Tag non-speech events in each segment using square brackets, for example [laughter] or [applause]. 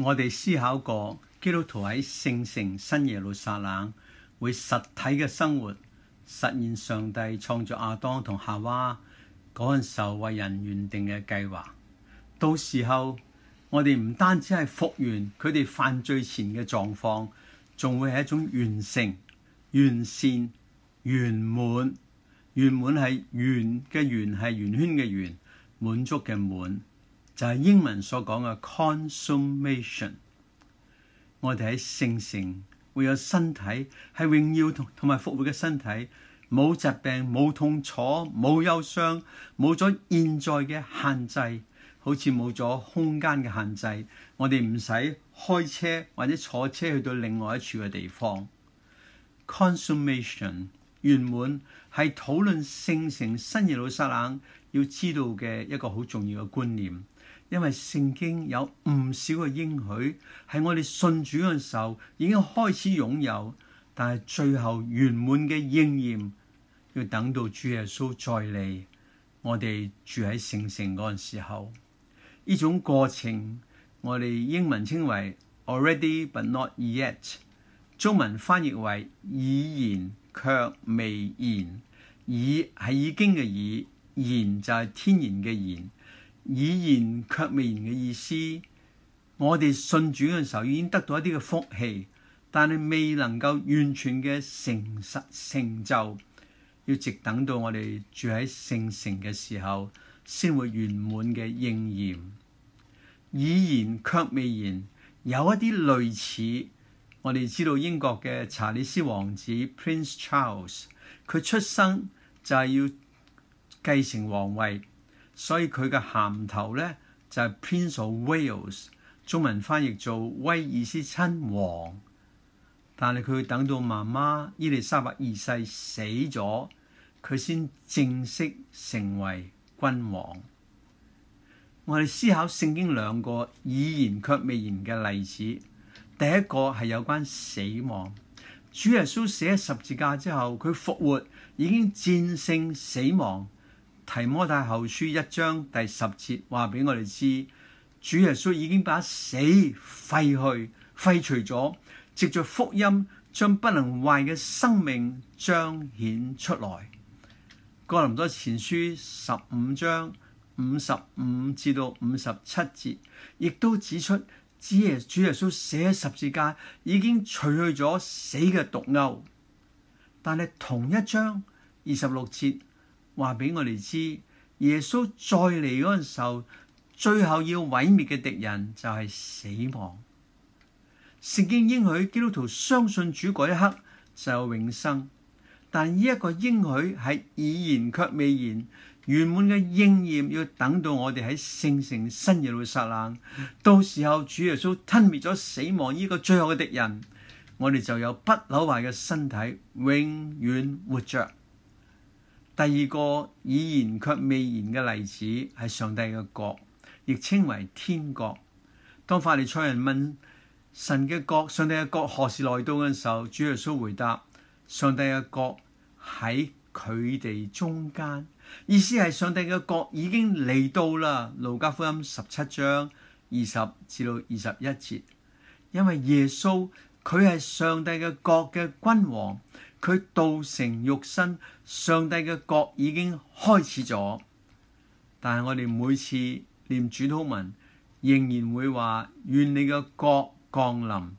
我哋思考過，基督徒喺聖城新耶路撒冷會實體嘅生活，實現上帝創造亞當同夏娃嗰陣時候為人原定嘅計劃。到時候我哋唔單止係復原佢哋犯罪前嘅狀況，仲會係一種完成、完善、圓滿。滿，圓滿係圓嘅圓，係圓圈嘅圓，滿足嘅滿。就係英文所講嘅 consummation，我哋喺聖城會有身體係榮耀同埋復活嘅身體，冇疾病冇痛楚冇憂傷，冇咗現在嘅限制，好似冇咗空間嘅限制，我哋唔使開車或者坐車去到另外一處嘅地方。consummation 圓滿係討論聖城新耶路撒冷要知道嘅一個好重要嘅觀念。因為聖經有唔少嘅應許，係我哋信主嘅時候已經開始擁有，但係最後圓滿嘅應驗要等到主耶穌再嚟，我哋住喺聖城嗰陣時候，呢種過程我哋英文稱為 already but not yet，中文翻譯為已然卻未然，已係已經嘅已，然就係天然嘅然。已然卻未然嘅意思，我哋信主嘅時候已經得到一啲嘅福氣，但係未能夠完全嘅成實成就，要直等到我哋住喺聖城嘅時候，先會圓滿嘅應驗。已然卻未然，有一啲類似，我哋知道英國嘅查理斯王子 Prince Charles，佢出生就係要繼承皇位。所以佢嘅銜頭呢，就係、是、Prince of Wales，中文翻譯做威爾斯親王。但係佢等到媽媽伊利沙伯二世死咗，佢先正式成為君王。我哋思考聖經兩個已然卻未然嘅例子，第一個係有關死亡。主耶穌死喺十字架之後，佢復活，已經戰勝死亡。提摩太後書一章第十節話俾我哋知，主耶穌已經把死廢去、廢除咗，藉着福音將不能壞嘅生命彰顯出來。哥林多前書十五章五十五至到五十七節，亦都指出，主耶穌死喺十字架已經除去咗死嘅毒鈎，但係同一章二十六節，話俾我哋知，耶穌再嚟嗰陣時候，最後要毀滅嘅敵人就係死亡。聖經應許基督徒相信主嗰一刻就有永生，但呢一個應許係已然卻未然，圓滿嘅應驗要等到我哋喺聖城新耶路撒冷，到時候主耶穌吞滅咗死亡呢個最後嘅敵人，我哋就有不朽壞嘅身體，永遠活着。第二個已然卻未然嘅例子係上帝嘅國，亦稱為天國。當法利賽人問神嘅國、上帝嘅國何時來到嘅時候，主耶穌回答，上帝嘅國喺佢哋中間，意思係上帝嘅國已經嚟到啦。路加福音十七章二十至到二十一節，因為耶穌佢係上帝嘅國嘅君王。佢道成肉身，上帝嘅國已經開始咗。但係我哋每次念主禱文，仍然會話願你嘅國降臨。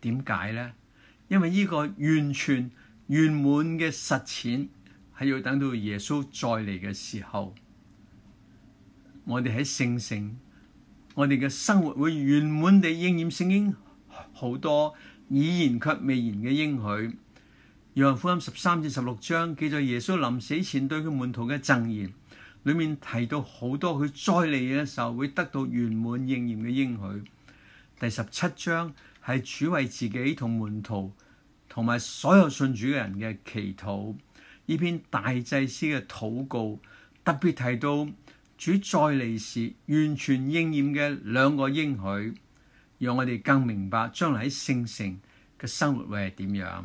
點解呢？因為呢個完全圓滿嘅實踐係要等到耶穌再嚟嘅時候。我哋喺聖城，我哋嘅生活會圓滿地應驗聖經好多已然卻未然嘅應許。《約翰福音》十三至十六章記載耶穌臨死前對佢門徒嘅贈言，裏面提到好多佢再嚟嘅時候會得到圓滿應驗嘅應許。第十七章係主為自己同門徒同埋所有信主嘅人嘅祈禱，呢篇大祭司嘅禱告特別提到主再嚟時完全應驗嘅兩個應許，讓我哋更明白將來喺聖城嘅生活會係點樣。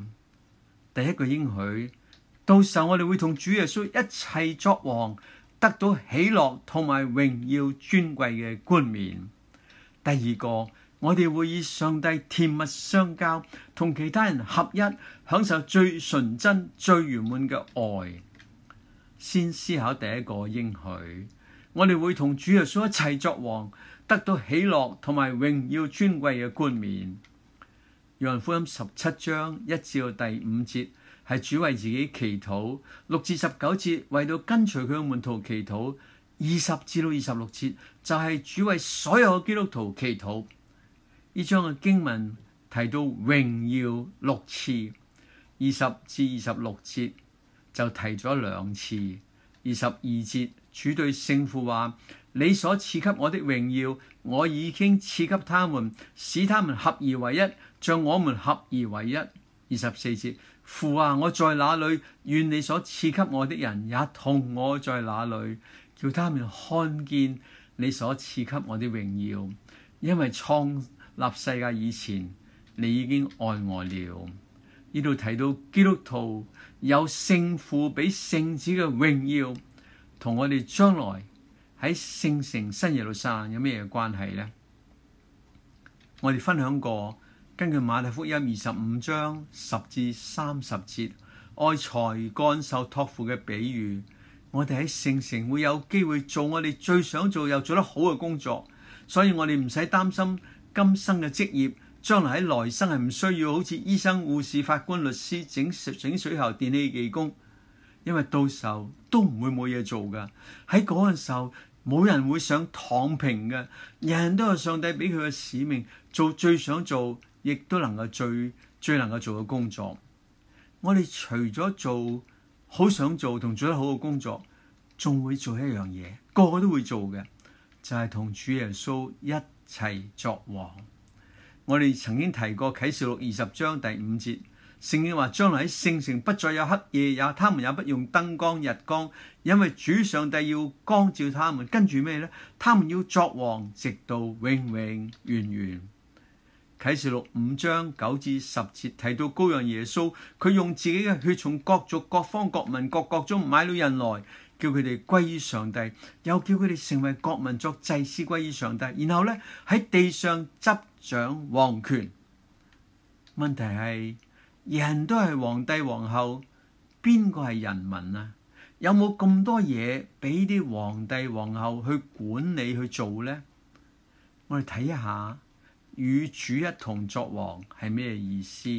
第一個應許，到時候我哋會同主耶穌一齊作王，得到喜樂同埋榮耀尊貴嘅冠冕。第二個，我哋會以上帝甜蜜相交，同其他人合一，享受最純真、最圓滿嘅愛。先思考第一個應許，我哋會同主耶穌一齊作王，得到喜樂同埋榮耀尊貴嘅冠冕。約翰福音十七章一至到第五節係主為自己祈禱，六至十九節為到跟隨佢嘅門徒祈禱，二十至到二十六節就係、是、主為所有嘅基督徒祈禱。呢章嘅經文提到榮耀六次，二十至二十六節就提咗兩次。二十二節主對聖父話：你所賜給我的榮耀，我已經賜給他們，使他們合而為一。像我們合二為一，二十四節，父啊，我在那裏，願你所賜給我的人也同我在那裏，叫他們看見你所賜給我的榮耀，因為創立世界以前，你已經愛我了。呢度提到基督徒有聖父畀聖子嘅榮耀，同我哋將來喺聖城新耶路撒冷有咩嘢關係呢？我哋分享過。根據馬太福音二十五章十至三十節，愛才幹受託付嘅比喻，我哋喺聖城會有機會做我哋最想做又做得好嘅工作，所以我哋唔使擔心今生嘅職業，將來喺來生係唔需要好似醫生、護士、法官、律師、整水整水喉、電器技工，因為到時候都唔會冇嘢做噶。喺嗰陣時候，冇人會想躺平㗎，人人都有上帝俾佢嘅使命，做最想做，亦都能夠最最能夠做嘅工作，我哋除咗做好想做同做得好嘅工作，仲會做一樣嘢，個個都會做嘅，就係、是、同主耶穌一齊作王。我哋曾經提過啟示錄二十章第五節，聖經話將來喺聖城不再有黑夜也，也他們也不用燈光日光，因為主上帝要光照他們。跟住咩呢？「他們要作王，直到永永遠遠。」啟示錄五章九至十節提到羔羊耶穌，佢用自己嘅血從各族、各方、各民、各國中買了人來，叫佢哋歸於上帝，又叫佢哋成為國民作祭司歸於上帝。然後呢，喺地上執掌王權。問題係人都係皇帝皇后，邊個係人民啊？有冇咁多嘢俾啲皇帝皇后去管理去做呢？我哋睇一下。與主一同作王係咩意思？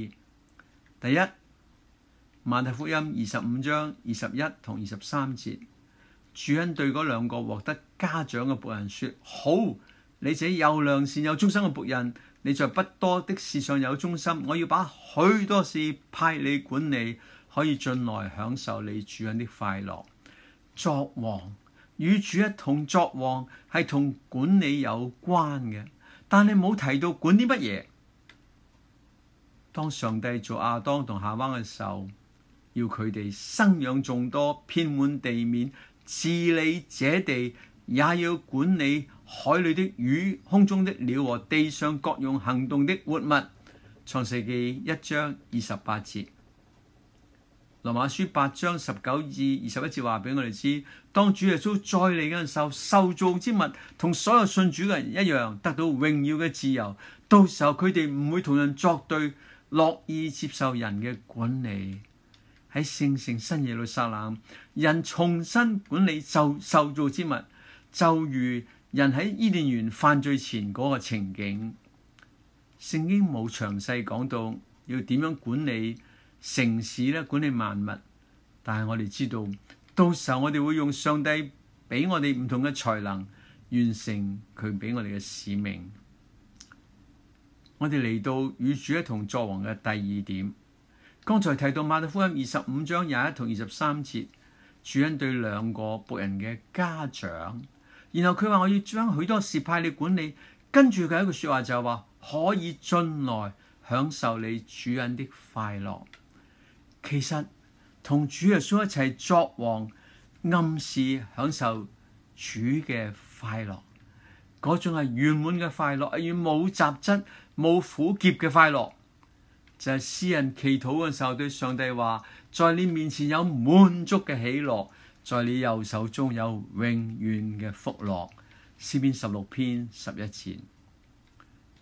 第一，馬太福音二十五章二十一同二十三節，主人對嗰兩個獲得嘉獎嘅僕人說：好，你這有良善有忠心嘅僕人，你在不多的事上有忠心，我要把許多事派你管理，可以進來享受你主人的快樂。作王，與主一同作王係同管理有關嘅。但你冇提到管啲乜嘢？當上帝做亞當同夏娃嘅時候，要佢哋生養眾多，遍滿地面，治理這地，也要管理海裏的魚、空中的鳥和地上各樣行動的活物。創世記一章二十八節。羅馬書八章十九至二十一節話俾我哋知，當主耶穌再嚟嘅時候，受造之物，同所有信主嘅人一樣，得到榮耀嘅自由。到時候佢哋唔會同人作對，樂意接受人嘅管理。喺聖城新耶路撒冷，人重新管理受受造之物，就如人喺伊甸園犯罪前嗰個情景。聖經冇詳細講到要點樣管理。.城市咧管理萬物，但係我哋知道，到時候我哋會用上帝俾我哋唔同嘅才能完成佢俾我哋嘅使命。我哋嚟到與主一同作王嘅第二點，剛才提到馬太福音二十五章廿一同二十三節，主人對兩個僕人嘅嘉獎，然後佢話我要將許多事派你管理，跟住佢有一句説話就係話可以進來享受你主人的快樂。其實同主耶穌一齊作王，暗示享受主嘅快樂，嗰種係圓滿嘅快樂，而冇雜質、冇苦澀嘅快樂。就係、是、詩人祈禱嘅時候，對上帝話：在你面前有滿足嘅喜樂，在你右手中有永遠嘅福樂。詩篇十六篇十一節，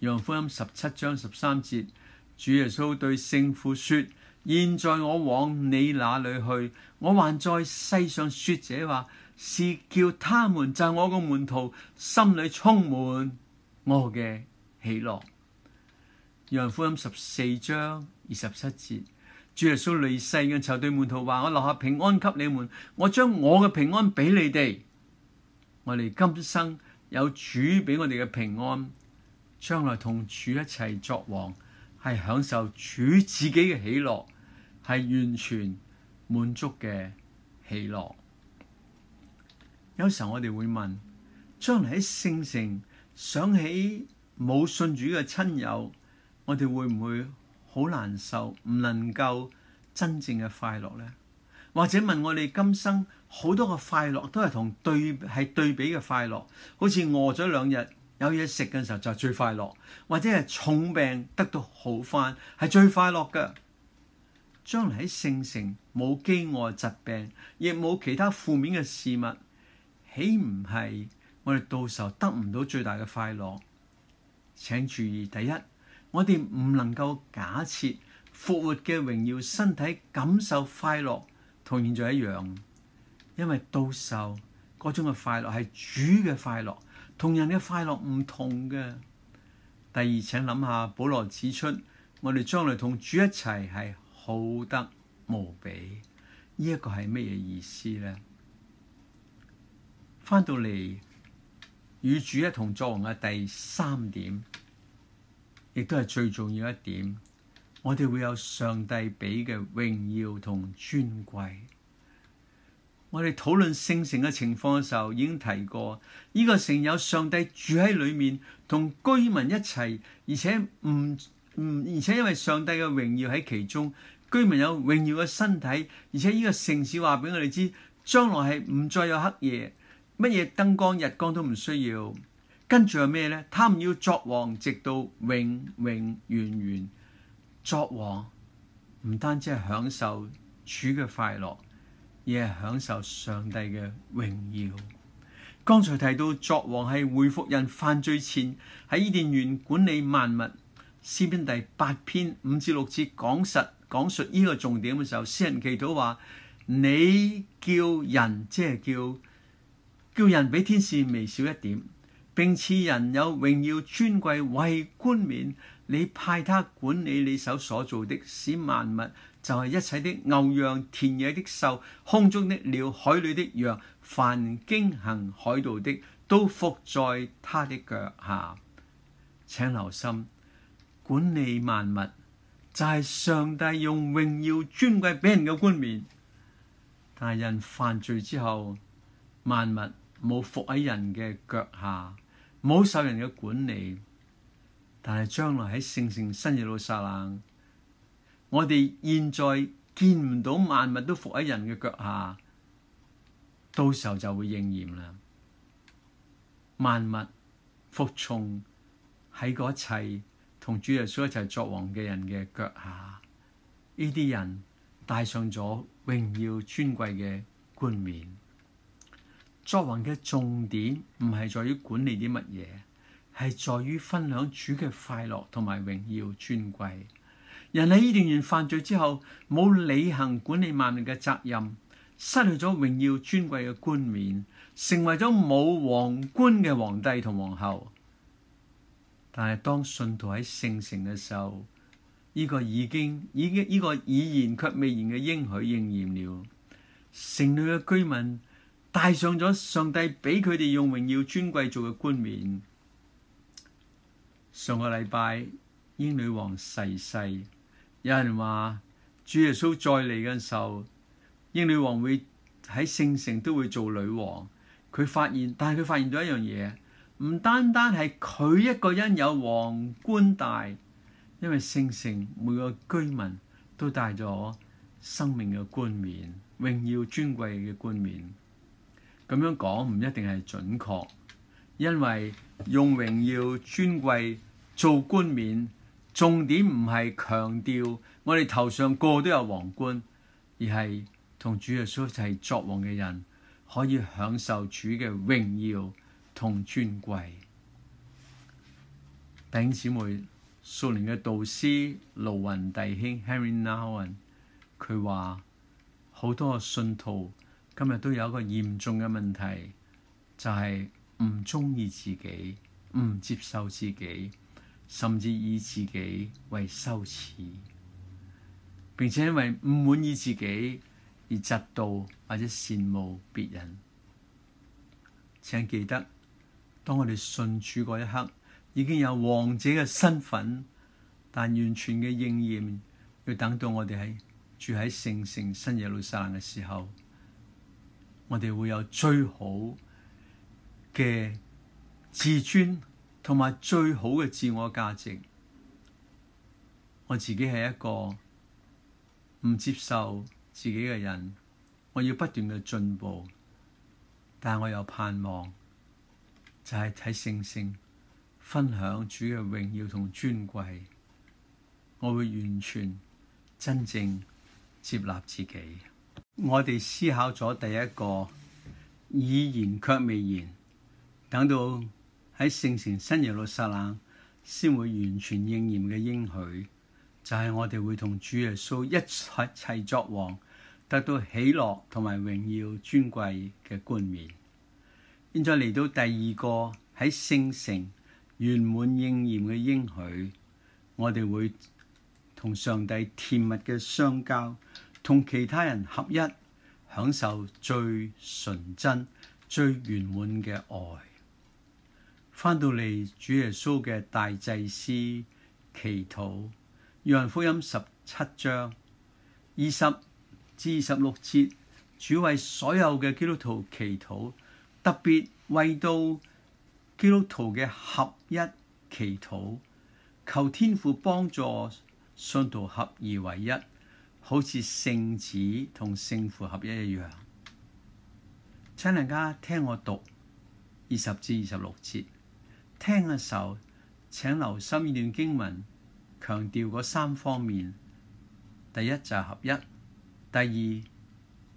約翰福音十七章十三節，主耶穌對聖父說。現在我往你那裏去，我還在世上說這話，是叫他們就我個門徒心裏充滿我嘅喜樂。約翰福音十四章二十七節，主耶穌離世嘅時候對門徒話：我留下平安給你們，我將我嘅平安俾你哋。我哋今生有主俾我哋嘅平安，將來同主一齊作王。係享受主自己嘅喜樂，係完全滿足嘅喜樂。有時候我哋會問，將來喺聖城想起冇信主嘅親友，我哋會唔會好難受？唔能夠真正嘅快樂呢？或者問我哋今生好多嘅快樂都係同對係對比嘅快樂，好似餓咗兩日，有嘢食嘅時候就最快樂，或者係重病得到好翻係最快樂嘅。將來喺聖城冇飢餓疾病，亦冇其他負面嘅事物，豈唔係我哋到時候得唔到最大嘅快樂？請注意，第一，我哋唔能夠假設復活嘅榮耀身體感受快樂同現在一樣，因為到時候嗰種嘅快樂係主嘅快樂。人同人嘅快樂唔同嘅。第二，請諗下，保羅指出，我哋將來同主一齊係好得無比。呢、這、一個係咩嘢意思咧？翻到嚟與主一同作王嘅第三點，亦都係最重要一點。我哋會有上帝俾嘅榮耀同尊貴。我哋討論聖城嘅情況嘅時候，已經提過呢個城有上帝住喺裏面，同居民一齊，而且唔唔，而且因為上帝嘅榮耀喺其中，居民有榮耀嘅身體，而且呢個城市話俾我哋知，將來係唔再有黑夜，乜嘢燈光日光都唔需要。跟住有咩呢？他唔要作王，直到永永遠遠作王，唔單止係享受主嘅快樂。亦係享受上帝嘅榮耀。剛才提到作王係恢復人犯罪前喺伊甸園管理萬物。詩篇第八篇五至六節講，講述講述呢個重點嘅時候，詩人祈禱話：你叫人，即係叫叫人比天使微小一點，並賜人有榮耀尊貴為冠冕。你派他管理你手所，所做的，使萬物。就係一切的牛羊、田野的獸、空中的鳥、海裏的羊、凡經行海道的，都伏在他的腳下，請留心管理萬物，就係、是、上帝用榮耀尊貴俾人嘅冠冕。但係人犯罪之後，萬物冇伏喺人嘅腳下，冇受人嘅管理。但係將來喺聖城新耶路撒冷。我哋現在見唔到萬物都伏喺人嘅腳下，到時候就會應驗啦。萬物服從喺嗰一切同主耶穌一齊作王嘅人嘅腳下，呢啲人戴上咗榮耀尊貴嘅冠冕。作王嘅重點唔係在於管理啲乜嘢，係在於分享主嘅快樂同埋榮耀尊貴。人喺伊甸園犯罪之後，冇履行管理萬民嘅責任，失去咗榮耀尊貴嘅冠冕，成為咗冇皇冠嘅皇帝同皇后。但係當信徒喺聖城嘅時候，呢、這個已經、這個、已經呢、這個已然卻未然嘅應許應驗了。城裏嘅居民帶上咗上帝俾佢哋用榮耀尊貴做嘅冠冕。上個禮拜英女王逝世，世。有人話主耶穌再嚟嘅時候，英女王會喺聖城都會做女王。佢發現，但係佢發現咗一樣嘢，唔單單係佢一個人有皇冠大，因為聖城每個居民都帶咗生命嘅冠冕、榮耀尊貴嘅冠冕。咁樣講唔一定係準確，因為用榮耀尊貴做冠冕。重點唔係強調我哋頭上個個都有皇冠，而係同主耶穌係作王嘅人可以享受主嘅榮耀同尊貴。弟兄姊妹，數年嘅導師盧雲弟兄 Henri Nouwen，佢話好多信徒今日都有一個嚴重嘅問題，就係唔中意自己，唔接受自己。甚至以自己為羞恥，並且因為唔滿意自己而嫉妒或者羨慕別人，請記得，當我哋信主嗰一刻，已經有王者嘅身份，但完全嘅應驗要等到我哋喺住喺聖城新耶路撒冷嘅時候，我哋會有最好嘅自尊。同埋最好嘅自我價值，我自己係一個唔接受自己嘅人，我要不斷嘅進步，但我又盼望就係睇星星，分享主嘅榮耀同尊貴，我會完全真正接納自己。 [noise] 我哋思考咗第一個，已然卻未然，等到。喺聖城新耶路撒冷，先會完全應驗嘅應許，就係我哋會同主耶穌一齊作王，得到喜樂同埋榮耀尊貴嘅冠冕。現在嚟到第二個喺聖城圓滿應驗嘅應許，我哋會同上帝甜蜜嘅相交，同其他人合一，享受最純真、最圓滿嘅愛。翻到嚟主耶穌嘅大祭司祈禱，約翰福音十七章二十至二十六節。主為所有嘅基督徒祈禱，特別為到基督徒嘅合一祈禱，求天父幫助信徒合二為一，好似聖子同聖父合一一樣。請大家聽我讀二十至二十六節。聽嘅時候，請留心呢段經文，強調嗰三方面。第一就係合一，第二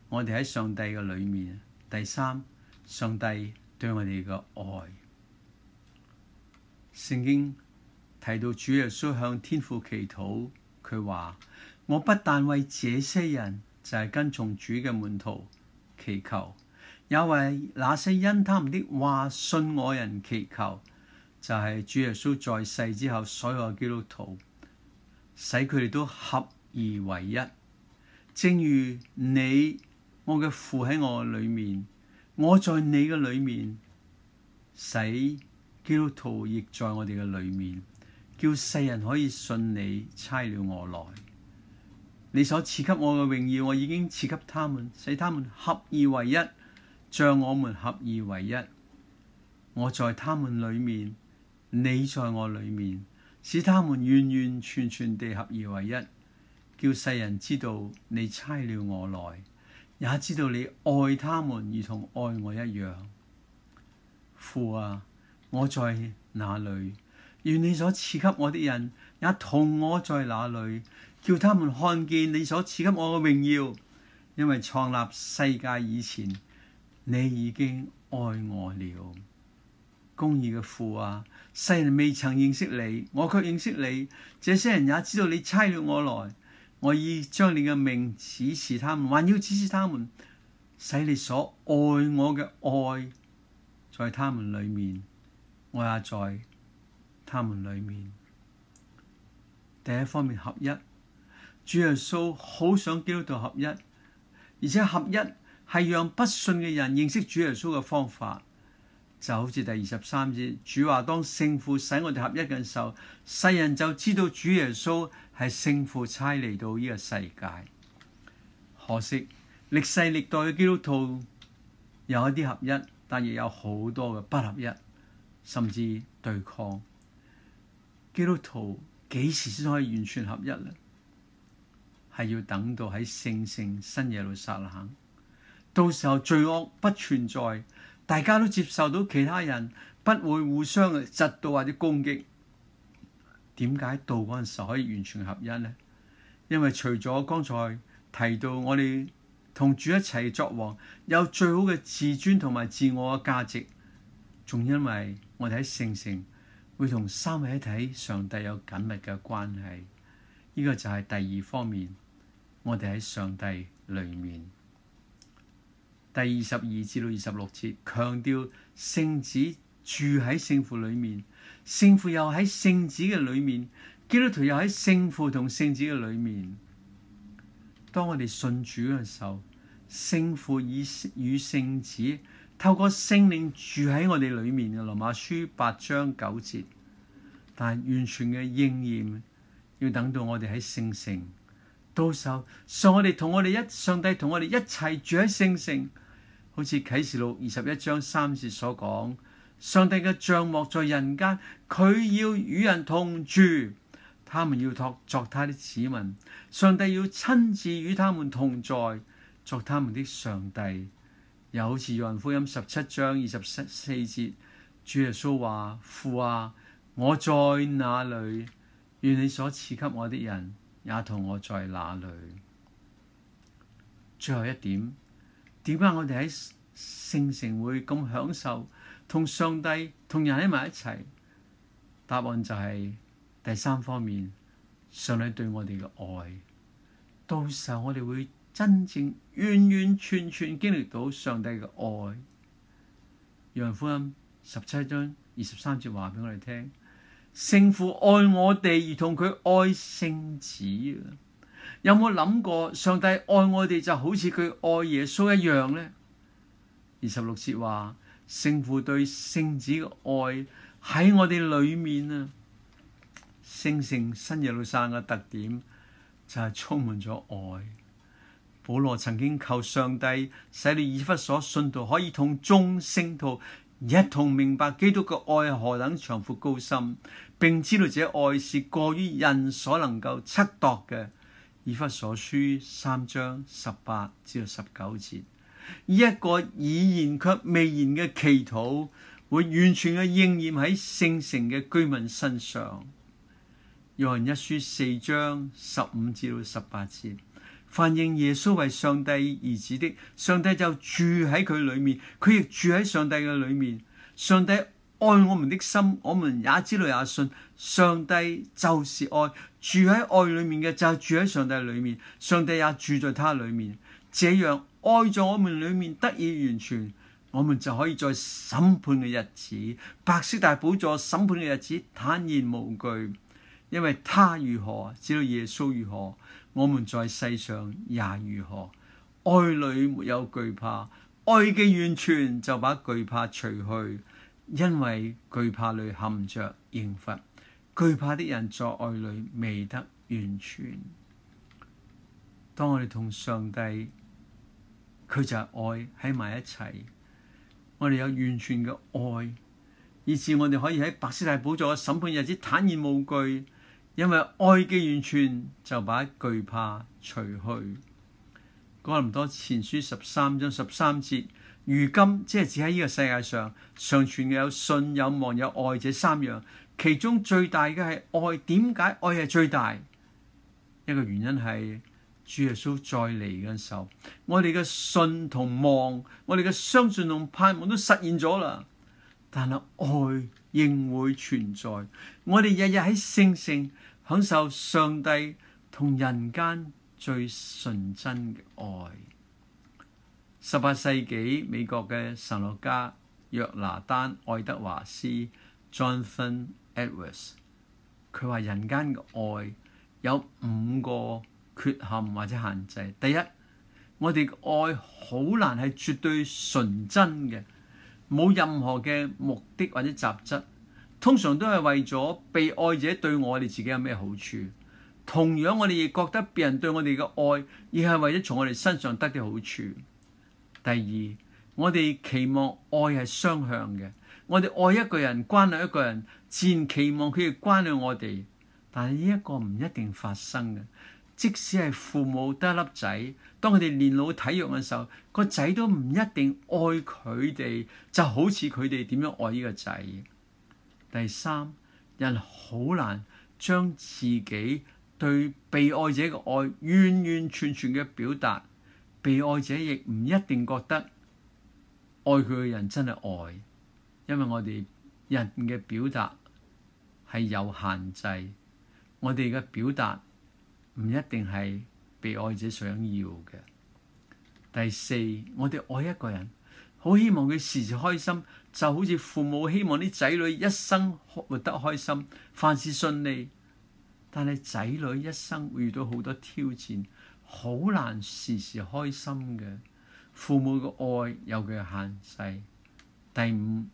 我哋喺上帝嘅裏面，第三上帝對我哋嘅愛。聖經提到主耶穌向天父祈禱，佢話：我不但為這些人，就係跟從主嘅門徒祈求，也為那些因他們的話信我人祈求。就係主耶穌在世之後，所有嘅基督徒使佢哋都合而為一，正如你我嘅父喺我裏面，我在你嘅裏面，使基督徒亦在我哋嘅裏面，叫世人可以信你差了我來。你所賜給我嘅榮耀，我已經賜給他們，使他們合而為一，像我們合而為一。我在他們裏面。你在我裏面，使他們完完全全地合而為一，叫世人知道你差了我來，也知道你愛他們，如同愛我一樣。父啊，我在哪裏？願你所賜給我的人也同我在哪裏，叫他們看見你所賜給我嘅榮耀。因為創立世界以前，你已經愛我了。公義嘅父啊，世人未曾認識你，我卻認識你，這些人也知道你差了我來，我已將你嘅名指示他們，還要指示他們，使你所愛我嘅愛在他們裏面，我也在他們裏面。第一方面合一，主耶穌好想基督徒合一，而且合一係讓不信嘅人認識主耶穌嘅方法。就好似第二十三節，主話：當聖父使我哋合一嘅時候，世人就知道主耶穌係聖父差嚟到呢個世界。可惜歷世歷代嘅基督徒有一啲合一，但亦有好多嘅不合一，甚至對抗。基督徒幾時先可以完全合一呢？係要等到喺聖聖新耶路撒冷，到時候罪惡不存在。大家都接受到其他人不會互相窒到或者攻擊。點解到嗰陣時可以完全合一咧？因為除咗剛才提到我哋同主一齊作王，有最好嘅自尊同埋自我嘅價值，仲因為我哋喺聖城會同三位一體上帝有緊密嘅關係，呢、呢個就係第二方面，我哋喺上帝裏面。第二十二至到二十六節，強調聖子住喺聖父裏面，聖父又喺聖子嘅裏面，基督徒又喺聖父同聖子嘅裏面。當我哋信主嘅時候，聖父與與聖子透過聖靈住喺我哋裏面嘅羅馬書八章九節，但完全嘅應驗，要等到我哋喺聖城。到時候，上我哋同我哋一上帝同我哋一齊住喺聖城，好似啟示錄二十一章三節所講，上帝嘅帳幕在人間，佢要與人同住，他們要托作他的子民，上帝要親自與他們同在，作他們的上帝。又好似約翰福音十七章二十四節，主耶穌話，父啊，我在那裡，願你所賜給我的人。也同我在哪裏？最後一點，點解我哋喺聖城會咁享受同上帝、同人喺埋一齊？答案就係、是、第三方面，上帝對我哋嘅愛。到時候我哋會真正完完全全經歷到上帝嘅愛。約翰福音十七章二十三節話俾我哋聽。聖父愛我哋，而同佢愛聖子，有冇諗過上帝愛我哋就好似佢愛耶穌一樣呢？二十六節話，聖父對聖子嘅愛喺我哋裏面啊，聖城新耶路撒冷嘅特點就係充滿咗愛。保羅曾經求上帝使你以弗所信徒可以同眾聖徒一同明白基督嘅愛何等長闊高深，並知道這愛是過於人所能夠測度嘅。以弗所書三章十八至十九節，一個已然却未然嘅祈禱，會完全嘅應驗喺聖城嘅居民身上。約翰一書四章十五至到十八節。凡認耶穌為上帝兒子的，上帝就住喺佢裏面，佢亦住喺上帝嘅裏面。上帝愛我們的心，我們也知道也信。上帝就是愛，住喺愛裏面嘅就住喺上帝裏面。上帝也住在他裏面，這樣愛在我們裏面得以完全，我們就可以在審判嘅日子，白色大寶座審判嘅日子坦然無懼，因為他如何，知道耶穌如何。我們在世上也如何？愛裏沒有懼怕，愛嘅完全就把懼怕除去，因為懼怕裏含着刑罰。懼怕的人在愛裏未得完全。當我哋同上帝，佢就係愛喺埋一齊，我哋有完全嘅愛，以致我哋可以喺白色大寶座嘅審判日子坦然無懼。因為愛嘅完全就把懼怕除去。哥林多前書十三章十三節，如今即係只喺呢個世界上尚存嘅有信有望有愛這三樣，其中最大嘅係愛。點解愛係最大？一個原因係主耶穌再嚟嘅時候，我哋嘅信同望，我哋嘅相信同盼望都實現咗啦。但係愛仍會存在，我哋日日喺聖城享受上帝同人間最純真嘅愛。十八世紀美國嘅神學家約拿丹愛德華斯 Jonathan Edwards，佢話人間嘅愛有五個缺陷或者限制。第一，我哋嘅愛好難係絕對純真嘅。冇任何嘅目的或者雜質，通常都係為咗被愛者對我哋自己有咩好處。同樣，我哋亦覺得別人對我哋嘅愛，亦係為咗從我哋身上得嘅好處。第二，我哋期望愛係雙向嘅，我哋愛一個人，關愛一個人，自然期望佢哋關愛我哋，但係呢一個唔一定發生嘅。即使係父母得一粒仔，當佢哋年老體育嘅時候，個仔都唔一定愛佢哋，就好似佢哋點樣愛呢個仔。第三，人好難將自己對被愛者嘅愛，完完全全嘅表達，被愛者亦唔一定覺得愛佢嘅人真係愛，因為我哋人嘅表達係有限制，我哋嘅表達。唔一定係被愛者想要嘅。第四，我哋愛一個人，好希望佢時時開心，就好似父母希望啲仔女一生活得開心，凡事順利。但係仔女一生會遇到好多挑戰，好難時時開心嘅。父母嘅愛有佢嘅限制。第五，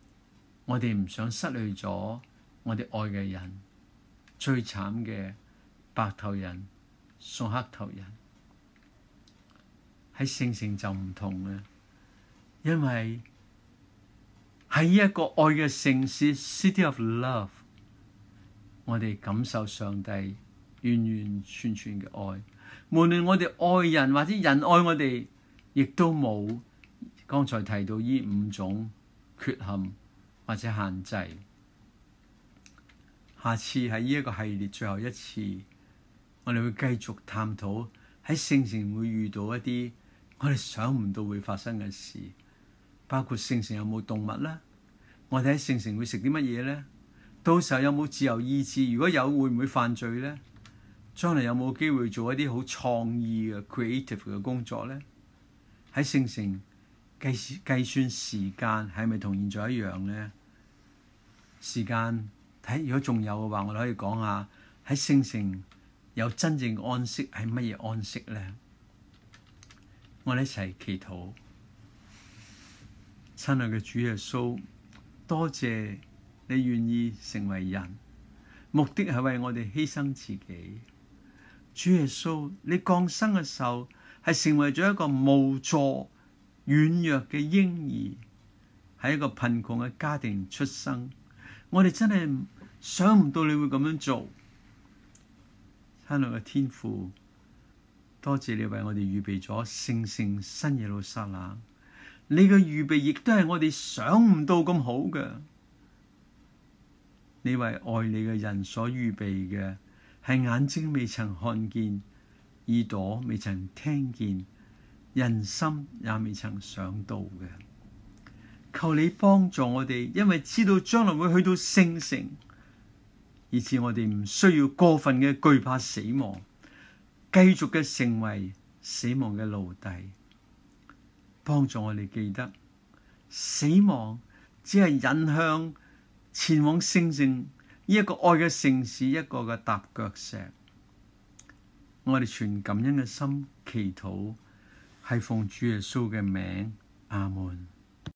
我哋唔想失去咗我哋愛嘅人，最慘嘅白頭人送黑頭人。喺聖城就唔同啦，因為喺呢一個愛嘅城市 City of Love，我哋感受上帝完完全全嘅愛，無論我哋愛人或者人愛我哋，亦都冇剛才提到呢五種缺陷或者限制。下次喺呢一個系列最後一次。我哋會繼續探討喺聖城會遇到一啲我哋想唔到會發生嘅事，包括聖城有冇動物咧？我哋喺聖城會食啲乜嘢咧？到時候有冇自由意志？如果有，會唔會犯罪咧？將來有冇機會做一啲好創意嘅 creative 嘅工作咧？喺聖城計時，計算時間係咪同現在一樣咧？時間睇如果仲有嘅話，我哋可以講下喺聖城。有真正嘅安息係乜嘢安息咧？我哋一齊祈禱，親愛嘅主耶穌，多謝你願意成為人，目的係為我哋犧牲自己。主耶穌，你降生嘅時候係成為咗一個無助、軟弱嘅嬰兒，喺一個貧窮嘅家庭出生。我哋真係想唔到你會咁樣做。天路嘅天父，多謝你為我哋預備咗聖城新耶路撒冷。你嘅預備亦都係我哋想唔到咁好嘅。你為愛你嘅人所預備嘅，係眼睛未曾看見，耳朵未曾聽見，人心也未曾想到嘅。求你幫助我哋，因為知道將來會去到聖城。以致我哋唔需要過分嘅懼怕死亡，繼續嘅成為死亡嘅奴隸，幫助我哋記得死亡只係引向前往聖城呢，一個愛嘅城市，一個嘅踏腳石。我哋全感恩嘅心祈禱，係奉主耶穌嘅名，阿門。